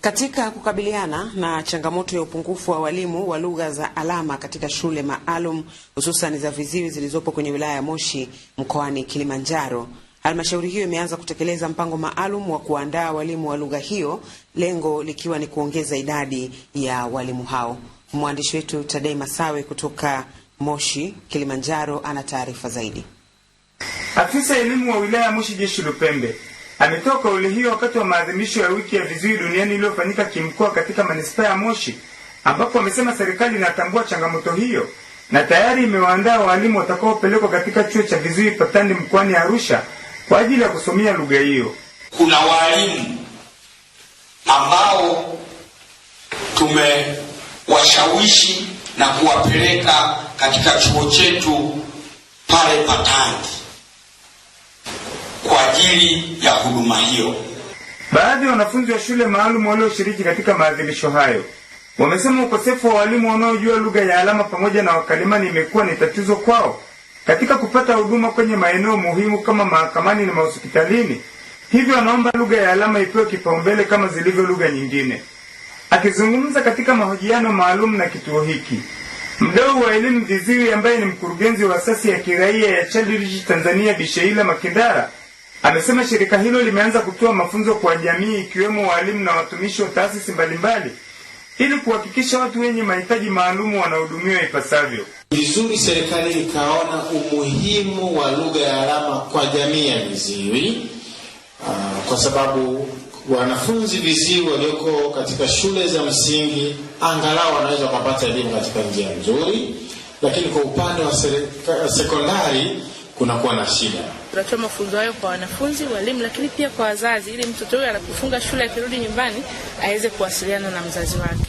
Katika kukabiliana na changamoto ya upungufu wa walimu wa lugha za alama katika shule maalum hususan za viziwi zilizopo kwenye wilaya ya Moshi mkoani Kilimanjaro, halmashauri hiyo imeanza kutekeleza mpango maalum wa kuandaa walimu wa lugha hiyo, lengo likiwa ni kuongeza idadi ya walimu hao. Mwandishi wetu Tadei Masawe kutoka Moshi, Kilimanjaro, ana taarifa zaidi. Afisa elimu wa wilaya ya Moshi Jeshi Lupembe Ametoa kauli hiyo wakati wa maadhimisho ya wiki ya viziwi duniani iliyofanyika kimkoa katika manispaa ya Moshi, ambapo amesema serikali inatambua changamoto hiyo na tayari imewaandaa waalimu watakaopelekwa katika chuo cha viziwi Patandi mkoani Arusha kwa ajili ya kusomea lugha hiyo. Kuna waalimu ambao tumewashawishi na kuwapeleka katika chuo chetu pale Patandi kwa ajili ya huduma hiyo. Baadhi ya wanafunzi wa shule maalum walioshiriki katika maadhimisho hayo wamesema ukosefu wa walimu wanaojua lugha ya alama pamoja na wakalimani imekuwa ni tatizo kwao katika kupata huduma kwenye maeneo muhimu kama mahakamani na mahospitalini. Hivyo wanaomba lugha ya alama ipewe kipaumbele kama zilivyo lugha nyingine. Akizungumza katika mahojiano maalum na kituo hiki, mdau wa elimu viziwi ambaye ni mkurugenzi wa asasi ya kiraia ya Child Tanzania Bisheila Makindara Amesema shirika hilo limeanza kutoa mafunzo kwa jamii ikiwemo walimu na watumishi wa taasisi mbalimbali ili kuhakikisha watu wenye mahitaji maalumu wanahudumiwa ipasavyo. Vizuri, serikali ikaona umuhimu wa lugha ya alama kwa jamii ya viziwi uh, ah, kwa sababu wanafunzi viziwi walioko katika shule za msingi angalau wanaweza wakapata elimu katika njia nzuri, lakini kwa upande wa sekondari kunakuwa na shida. Tunatoa mafunzo hayo kwa wanafunzi, walimu, lakini pia kwa wazazi, ili mtoto huyo anapofunga shule akirudi nyumbani aweze kuwasiliana na mzazi wake.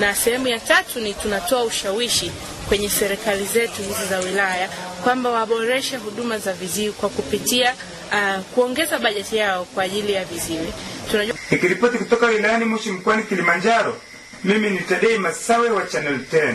Na sehemu ya tatu ni tunatoa ushawishi kwenye serikali zetu hizi za wilaya kwamba waboreshe huduma za viziwi kwa kupitia uh, kuongeza bajeti yao kwa ajili ya viziwi. Tunajua... Nikiripoti kutoka wilayani Moshi mkoani Kilimanjaro, mimi ni Tadei Masawe wa Channel 10.